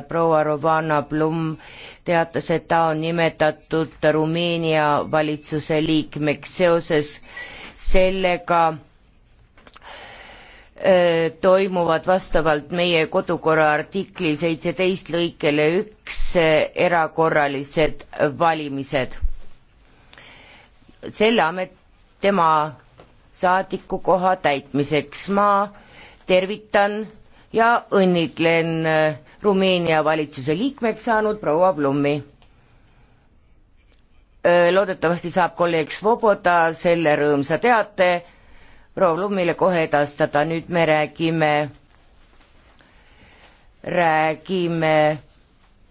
proua Rovana Plum teatas, et ta on nimetatud Rumeenia valitsuse liikmeks seoses sellega öö, äh, toimuvad vastavalt meie kodukorra artikli seitseteist lõikele üks äh, erakorralised valimised. selle amet, tema saadikukoha täitmiseks ma tervitan ja õnnitlen äh, Rumeenia valitsuse liikmeks saanud proua Blummi. Äh, loodetavasti saab kolleeg Svoboda selle rõõmsa teate proua Blummile kohe edastada, nüüd me räägime, räägime